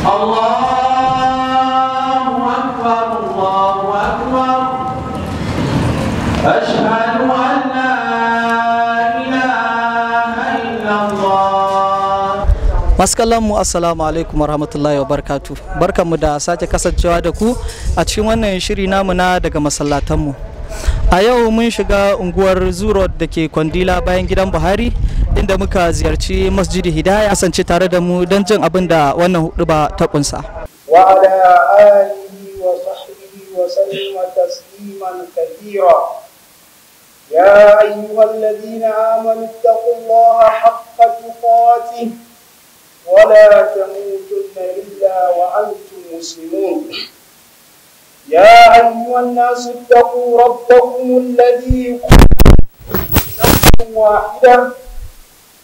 الله Maskallonmu assalamu alaikum warahmatullahi wabarakatuh barkanmu da sake kasancewa da ku a cikin wannan shiri namu na daga masallatanmu a yau mun shiga unguwar zurot da ke kwandila bayan gidan buhari inda muka ziyarci masjidi hidaya sanci tare da mu don jin abin da wannan ba ta kunsa يا أيها الذين آمنوا اتقوا الله حق تقاته ولا تموتن إلا وأنتم مسلمون يا أيها الناس اتقوا ربكم الذي خلقكم واحدة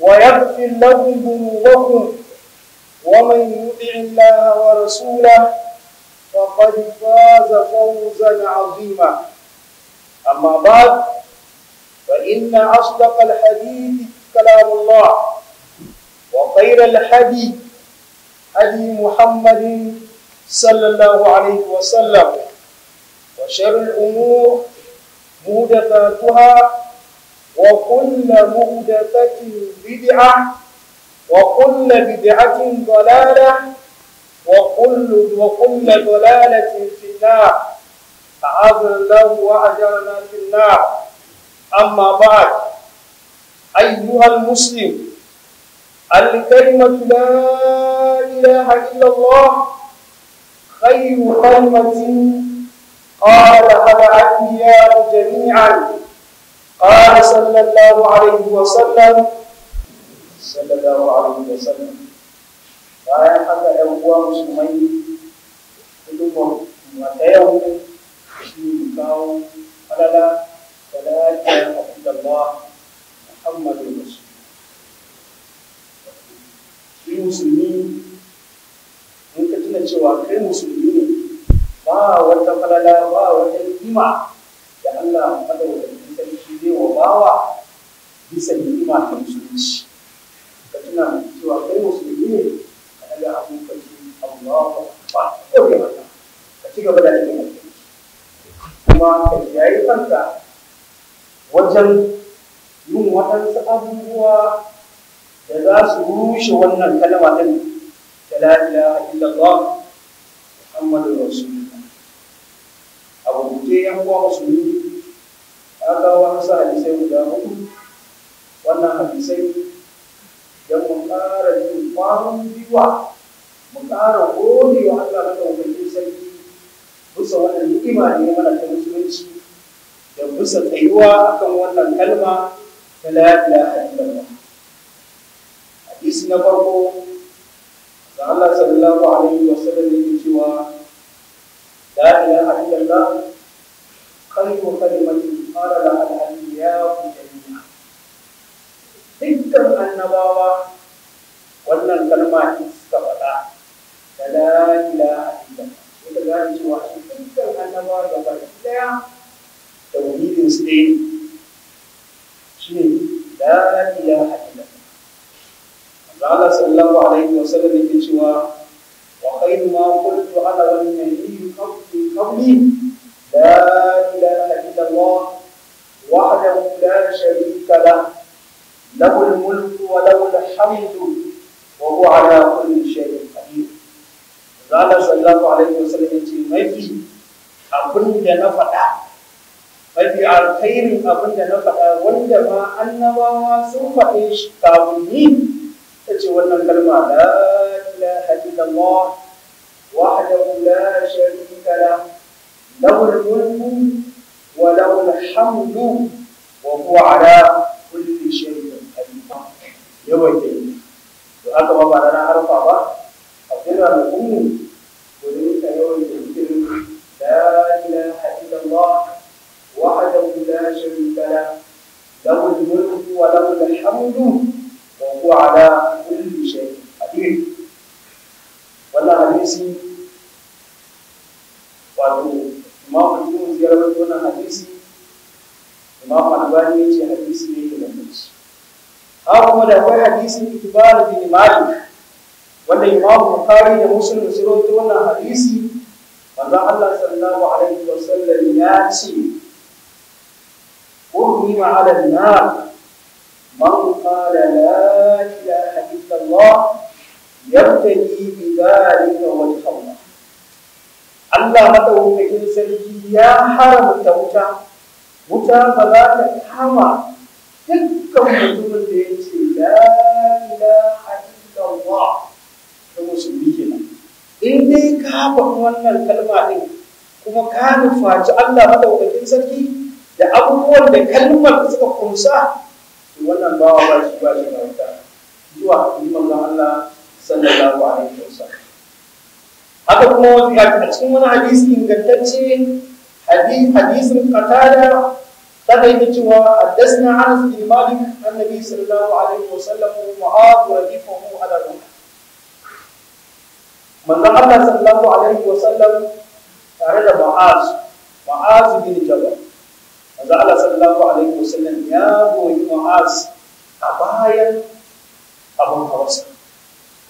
ويغفر لهم ذنوبهم ومن يطع الله ورسوله فقد فاز فوزا عظيما أما بعد فإن أصدق الحديث كلام الله وخير الحديث هدي محمد صلى الله عليه وسلم وشر الأمور مودثاتها وكل مهدفة بدعة وكل بدعة ضلالة وكل وكل ضلالة في النار أعاذ الله وأجرنا في النار أما بعد أيها المسلم الكلمة لا إله إلا الله خير كلمة قالها الأنبياء جميعا قال صلى الله عليه وسلم صلى الله عليه وسلم bayan haka ‘yan uwa musulmai hidimar mata yau shi ne kawo da lafiyar abdullawa muhammadu rasu musulmi in ka tuna cewa kai musulmi ne ba wata falala ba wata hikima da allah madawar bai wa bawa bisa ni'ima ta musulunci ka tuna cewa kai musulmi ne ka daga abun ka ce Allahu akbar ko da mata ka ci gaba da yin kuma ka yayi kanka wajen yin waɗansu abubuwa da za su rushe wannan kalma din da la ilaha illallah Muhammadu Rasulullah a rubuce yan uwa musulmi ya kawo wasu hadisai guda hudu wannan hadisai idan mun ƙara yin kwanon biwa mun ƙara gode wa Allah na ɗaukakin sarki bisa wannan ni'ima ne mana ta musulunci da bisa tsayuwa akan wannan kalma ta la ilaha illallah hadisi na farko da Allah sallallahu alaihi wa sallam yake cewa la ilaha illallah khairu kalimatin قال لها إياكم جميعا dukkan annabawa wannan kalma ce suka faɗa da la ilaha illallah sai ka gane cewa shi dukkan annabawa da baki daya tauhidin su ne shi ne la ilaha illallah Allah sallallahu alaihi wa sallam yake cewa wa khayru ma qultu ana wan nabiyyu qabli qabli له الملك وله الحمد وهو على كل شيء قدير قال صلى الله عليه وسلم ما في أبن نفدا ما في الخير أبن نفدا وندما أنما سوف إشتاوني تجي ولنا الكلمة لا إله إلا الله وحده لا شريك له له الملك وله الحمد وهو على كل شيء yawaita yi to aka ba ba na harfa ba a jira da ummi ko da yake yawaita zikirin la ilaha illallah wahdahu la sharika la lahu al-mulku wa lahu al-hamdu wa huwa ala kulli shay'in qadir wannan hadisi wato imamu ibn ziyarar wannan hadisi imamu albani ya ce hadisi ne da haka kuma da akwai hadisin itibar bin malik wanda imam bukhari da muslim sun rawaito wannan hadisi manzon Allah sallallahu alaihi wasallam ya ce أغمي على النار من قال لا إله إلا الله يبتدي بذلك وجه الله Allah madaukakin sarki ya haramta wuta, wuta ba za ta kama dukkan mutumin da ya ce la ilaha illallah da musulmi kenan in dai ka faɗi wannan kalma ɗin kuma ka nufaci Allah madaukakin sarki da abubuwan da kalmar suka kunsa wannan bawa ba shi ba shi bauta zuwa liman Allah sallallahu alaihi wasallam haka kuma a cikin wani hadisi ingantacce hadisin qatada فهي نتوى أدسنا عن إيمان النبي صلى الله عليه وسلم ومعاد وديفه على روح من نقل صلى الله عليه وسلم تعرض معاذ معاذ بن جبل فزعل صلى الله عليه وسلم يا بوي معاذ أبايا أبو الحوصة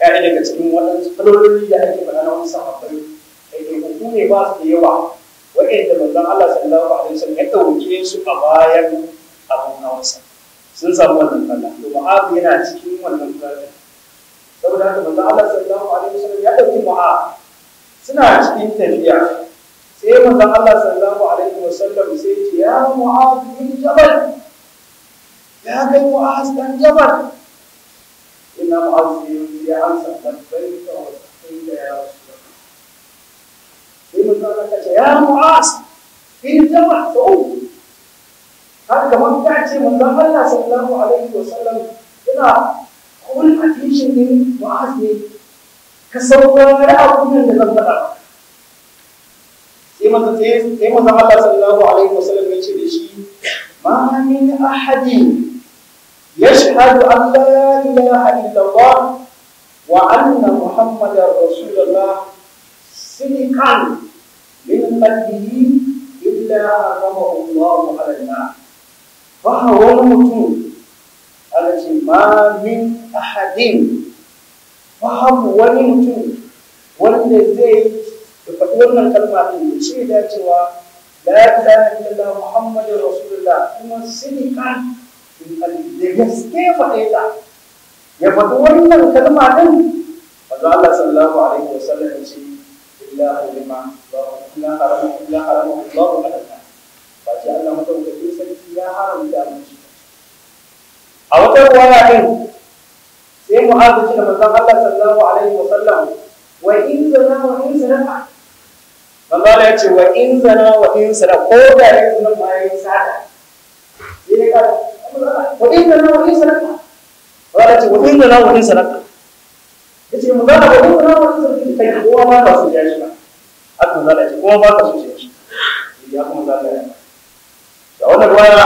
يعني لك تكون ولد فلو لدي يا هيك بنا نوم صحابي هيك يكون يباس ليوعد waɗanda manzon Allah sallallahu alaihi wasallam ya ɗauke su a bayan abun hawansa sun samu wannan falla to mu'az yana cikin wannan falla saboda haka manzon Allah sallallahu alaihi wasallam ya ɗauki mu'az suna cikin tafiya sai manzon Allah sallallahu alaihi wasallam sai ya ce ya mu'az bin jabal ya kai mu'az dan jabal ina mu'az ya amsa labbaika wa sahbaika ya rasul sai ya mu'as in jama'a ta'u har kamar ta ce manzon Allah sallallahu alaihi wa sallam yana kawai attention din mu'as ne ka saurari abubuwan da zan faɗa sai manzon sai manzon Allah sallallahu alaihi wa sallam ya ce da shi ma min ahadin يشهد أن لا إله إلا الله وأن محمدا رسول الله سنكا من قلبه إلا أعظمه الله على النار فهو المتون التي ما من أحد فهو المتون والذي يقولون الكلمات المشيدة سوى لا إله إلا الله محمد رسول الله ثم سنكا من قلبه كيف إلا يقولون الكلمات فقال صلى الله عليه وسلم illa Allah sarki ya haramta a wata ruwaya din sai mu'adh ce da manzon Allah sallallahu alaihi wasallam wa in zana wa in zana manzo Allah ya ce wa in zana wa in zana ko da ya zama ma sada ne ka wa in zana wa in zana Allah ya ce wa in zana wa in zana yace manzo Allah wa in zana wa in zana kai kowa ma ka so ya shi ba haka za ta ce kowa ba ka so ya shi ya kuma za ta yi da wannan ruwaya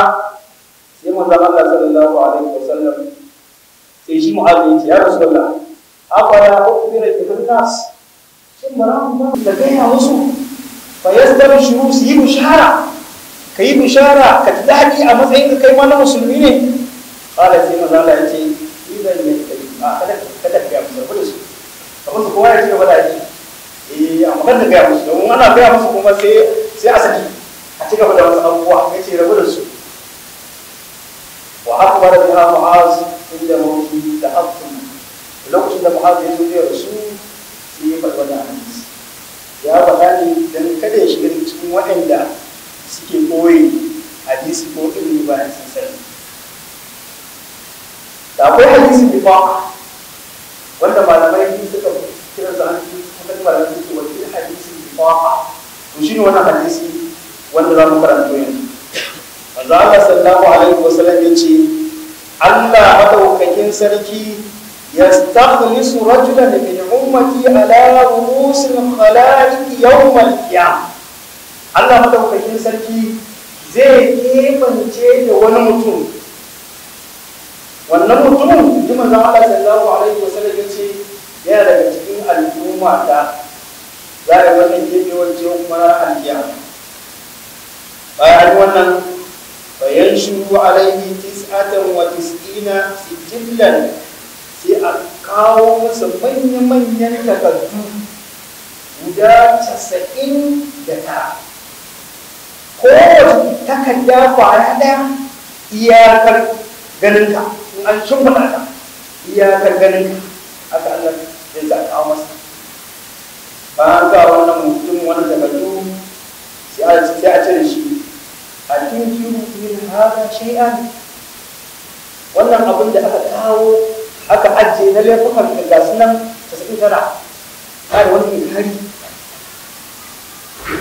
sai manzo Allah sallallahu alaihi wasallam sai shi mu'adh ya ce ya rasulullah afala ukhbira bil nas shin bara mu da gaya wasu fa yastabshiru su yi bishara ka yi bishara ka daɗi a matsayin ka kai ma na musulmi ne qala sai mu zala ya ce idan ya kai a kada kowa ya ci gaba da yi a eh, amma da gaya musu domin ana gaya musu kuma sai a saki a ci gaba da wasu abubuwa ya ce rabu da su wa haka akbar biha mu'az inda mawti da haqqun lokacin da mu'az ya zuwa ya su yi ya faɗi a hadisi ya faɗa ne dan kada ya shiga cikin waɗanda suke koyi hadisi ko ilimi bayan sun sani da akwai hadisi bifaq wanda malamai suka fi da zan ci kuma ba da su wani hadisi ba to shine wannan hadisi wanda za mu karanta yanzu manzo Allah sallallahu alaihi wasallam yace Allah madaukakin sarki yastaghlisu rajulan min ummati ala ru'usil khalaiq yawm al-qiyam Allah madaukakin sarki zai kebance da wani mutum wannan mutum ji manzo Allah sallallahu alaihi wasallam yace yana daga cikin al'umma ta za a yi wannan kebewar ce kuma na bayan wannan bayan shuru alaihi tis'atan wa tis'ina sijillan sai a kawo masa manya-manyan takardu guda casa'in da tara ko takarda kwaya ɗaya iyakar ganinka in an ta iyakar ganinka Allah bayan ga wannan mutum wani daga tu sai a ce da shi a tinkiru min hada shay'an wannan abin da aka kawo aka ajiye na laifukan da ga su nan ta tasa'in tara ba da wani hari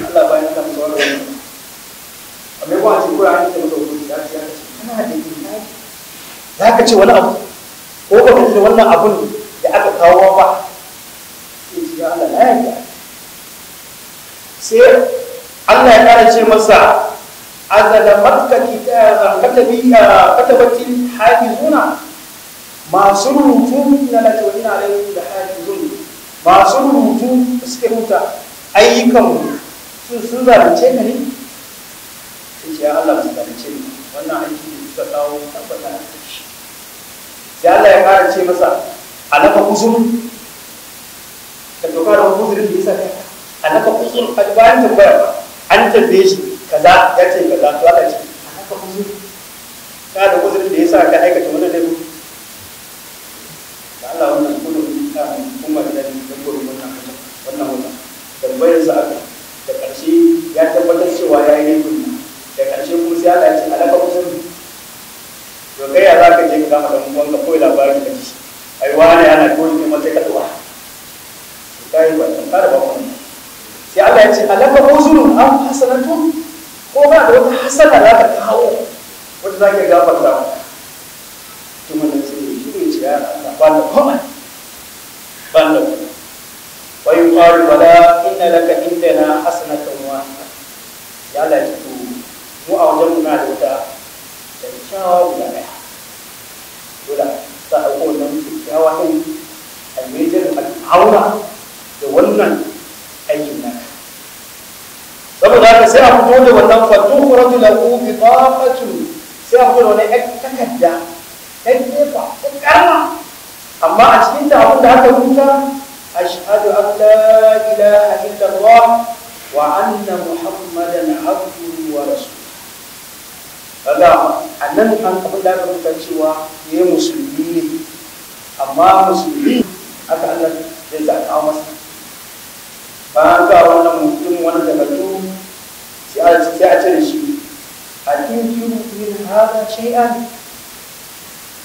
Allah ba ya kan tsawon wani a mai kuma ce kura hannun da muka gudu ya ce kana da yin hari za ka ce wani abu ko ba ka ce wannan abun da aka kawo ba sai ce Allah na yarda sai Allah ya kara ce masa azala matka katabi katabatil hafizuna masu rubutu na lati wa alaihim da hafizun masu rubutu da suke rubuta ayyukan sun sun zalunce ka ne sai shi Allah su zalunce ne wannan aiki da suka kawo tabbata a cikin shi sai Allah ya kara ce masa alaka uzur ka dokar uzurin da yasa ka alaka cikin bayan tambaya an tambaye shi kaza ya ce kaza to Allah ce a haka uzuri ka da uzurin da yasa ka aikata wannan laifin da Allah wannan kullu ta kuma da da gurin wannan wannan wannan tambayar sa aka da karshe ya tabbatar cewa ya yi laifin da karshe kuma sai Allah ya ce alaka uzuri to kai ya za ka je ka kama da mun wanka ko labarin da shi ai wani ana koyi ne mata ka tuwa kai ba ka ba Allah ya ce alaka uzurun am hasanatu ko ba da wata hasana za ka kawo wanda za ka gafarta wa to wannan sai shi ne ce ya Allah ba da komai ba da wa yuqalu bala inna laka indana hasanatan wahida ya Allah ya ce mu a wajen muna da wata kyakkyawa guda daya dole a kowannan kyakkyawa ɗin a mejin al'aura da wannan aikin nan saboda haka sai a fito da wannan fatu rajul lahu bi taqatu sai a fito da wannan takarda dan kefa ko karma amma a cikin ta abin da aka rubuta ashhadu an la ilaha illallah wa anna muhammadan abduhu wa rasuluhu kaga annan an abin da aka rubuta cewa ya musulmi ne amma musulmi aka Allah ya zaɓa masa ba ga wannan mutum wani daga duk sai a cire shi a hada shay'an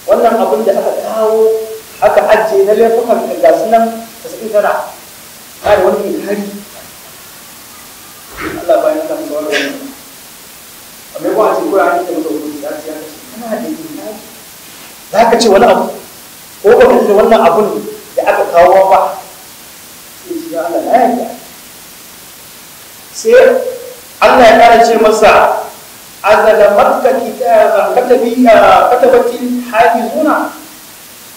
wannan abin da aka kawo aka ajiye na laifukan ga su nan ta sai tara har wani hari Allah ba ya samu tsawon wannan amma ko a ce ko ya ce ko ya ce kana da imani za ka ce wani abu ko ba ka da wannan abun da aka kawo ba sai ya Allah ya yarda sai Allah ya kara ce masa azala makka katabi ah, katabatil hafizuna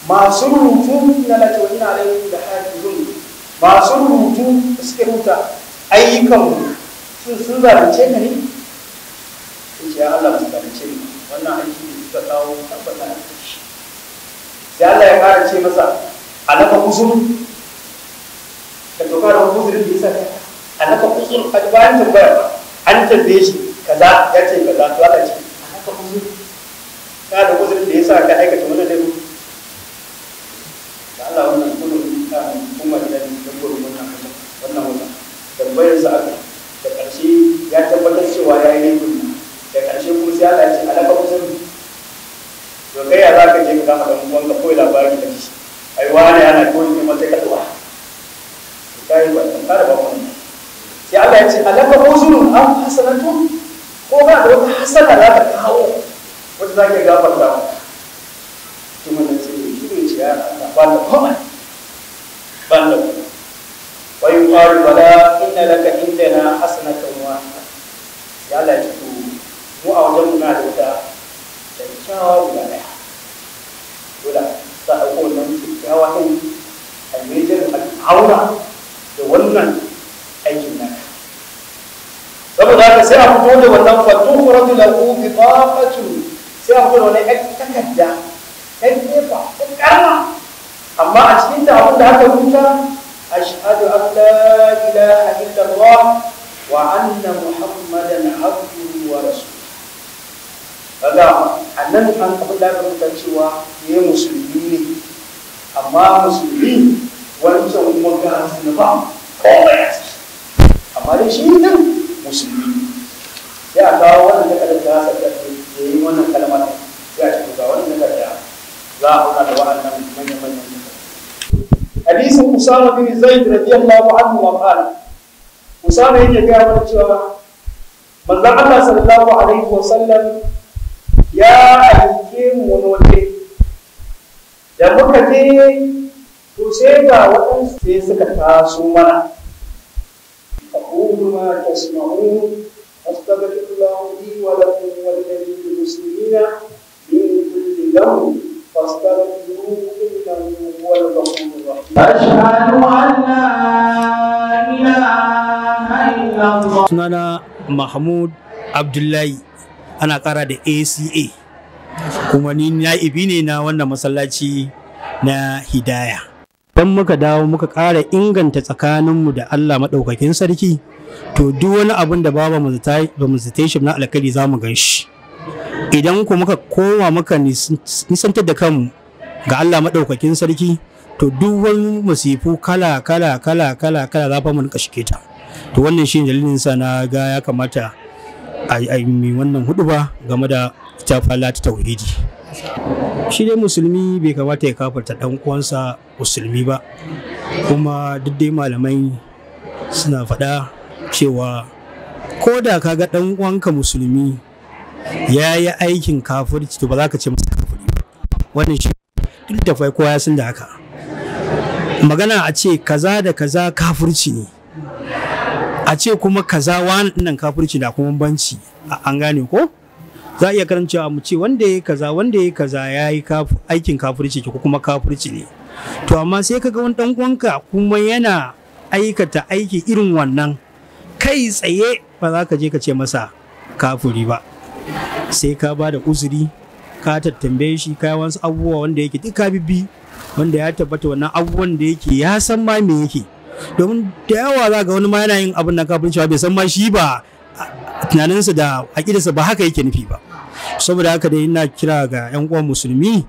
masu rubutu na lati wa alaihim da hafizun masu rubutu da suke rubuta ayyukan sun sun zalunce ka ne sun ce Allah su zalunce ni wannan aiki da suka kawo tabbata na shi sai Allah ya kara ce masa alaka kusur ka to kara uzurin da yasa alaka uzum a bayan tambaya ba an tafiye shi kaza ya ce kaza to Allah ce a haka uzuri ka da uzurin da ya sa ka aikata wannan laifin da Allah wannan kullum ka kuma da dabbar wannan kaza wannan wannan tambayar sa aka da ƙarshe ya tabbatar cewa ya yi laifin da ƙarshe kuma sai Allah ya ce alaka uzuri to kai ya za ka je ka kama da uwanka koyi labarin da shi ai wani yana koyi ne mata kaduwa kai ba ta ba wannan sai Allah ya ce alaka uzunun am hasanatu ko ba da wata hasana za ta kawo wanda za ka da mu to mun ce shi ne ce ya Allah ba da komai ba da wa yuqalu bala inna laka indana hasanatan wahida sai Allah ya ce mu a wajen muna da wata kyakkyawa guda daya dole za a ko nan kyakkyawa din a mejin al'aura da wannan aikin naka saboda haka sai a fito da wannan fatu rajul lahu bi taqatu sai a fito da wannan takarda ɗan nefa ɗan ƙarama amma a cikin ta abin da haka rubuta ashhadu an la ilaha illallah wa anna muhammadan abduhu wa rasuluhu kaga annan an abin da aka rubuta cewa ya musulmi ne amma musulmi wancan kuma ga zunuba komai a ciki amma dai shi nan musulmi sai a kawo wannan takardar da za yi wannan kalmar sai a cikin ga wannan takardar za a hauna da wa'annan manyan manyan حديث أسامة بن زيد رضي الله عنه وقال أسامة يجي قال من الله صلى الله عليه وسلم يا أهلكم ونوتي da muka je to sai ga waɗansu sai suka taso mana ما تسمعون الله لي ولكم ولجميع المسلمين من كل ذنب فاستغفروه هو الغفور الرحيم لا الله sunana mahmud abdullahi ana kara da aca kuma ni na'ibi ne na wannan masallaci na hidaya don muka dawo muka ƙara inganta tsakaninmu da Allah maɗaukakin sarki to duk wani abin da ba mu zata shi na alkali za mu gan shi idan ku muka koma muka nisantar da kanmu ga Allah maɗaukakin sarki to duk wani masifu kala kala kala kala kala za fa mu rinka shike ta to wannan shi dalilin sa na ga ya kamata a yi wannan hudu ba game da ta falla ta tauhidi shi dai musulmi bai kamata ya kafarta dan uwansa musulmi ba kuma duk dai malamai suna faɗa cewa ko da ka ga dan uwanka musulmi ya yi aikin kafirci to ba za ka ce masa kafiri wannan shi duk da fai kowa ya san da haka magana a ce kaza da kaza kafirci ne a ce kuma kaza wannan kafirci na kuma banci an gane ko za a iya karancewa mu ce wanda ya kaza wanda ya kaza ya yi aikin kafirci ko kuma kafirci ne to amma sai kaga wani dan uwanka kuma yana aikata aiki irin wannan kai tsaye ba za ka je ka ce masa kafuri ba sai ka ba da uzuri ka tattambe shi ka yi wasu abubuwa wanda yake duk ka bibbi wanda ya tabbata wannan abubuwan da yake ya san ma me yake domin da yawa za ga wani ma yana yin abin na kafirci ba bai san ma shi ba tunaninsa da aƙidarsa ba haka yake nufi ba saboda haka dai ina kira ga 'yan uwan musulmi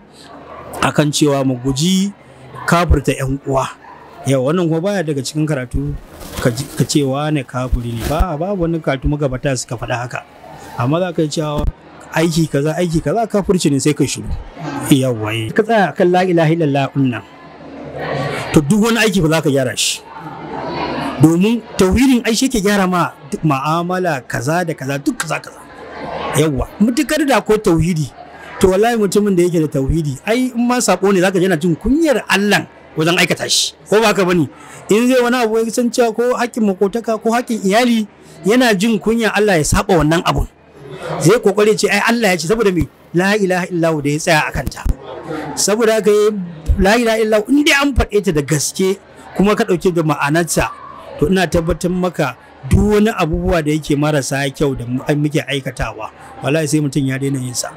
akan cewa mu guji kafirta 'yan uwa yau wannan kuma baya daga cikin karatu ka cewa ne kafiri ne ba babu wani karatu magabata suka faɗa haka amma za ka yi cewa aiki kaza aiki kaza kafirci ne sai ka shiru yawwa eh. ka tsaya kan la ilaha illallah unna to duk wani aiki ba za ka gyara shi domin tauhirin aishi ke gyara ma ma'amala kaza da kaza duk kaza kaza yawa mutukar da ko tauhidi to wallahi mutumin da yake da tauhidi ai in ma sako ne zaka yana jin kunyar Allah wajen aikata shi ko ba ka bane in zai wani abu ya san cewa ko hakkin makotaka ko hakkin iyali yana jin kunya Allah ya saba wannan abun zai kokare ce ai Allah ya ce saboda me la ilaha illahu da ya tsaya a kanta saboda haka la ilaha illahu in dai an faɗe ta da gaske kuma ka ɗauke da ma'anarsa to ina tabbatar maka duk wani abubuwa da yake marasa kyau da muke aikatawa wallahi sai mutum ya daina yin sa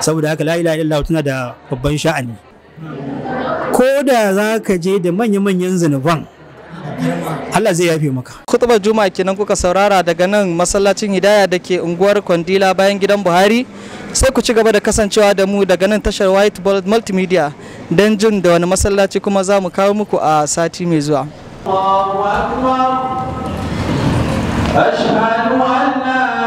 saboda haka la ilaha illallah tana da babban sha'ani ko da za ka je da manya-manyan zunuban Allah zai yafe maka. Kutuba Juma kenan kuka saurara daga nan masallacin Hidaya da ke unguwar Kwandila bayan gidan Buhari sai ku ci gaba da kasancewa da mu daga nan tashar Whiteboard Multimedia don jin da wani masallaci kuma za mu kawo muku a sati mai zuwa. أشهد أن لا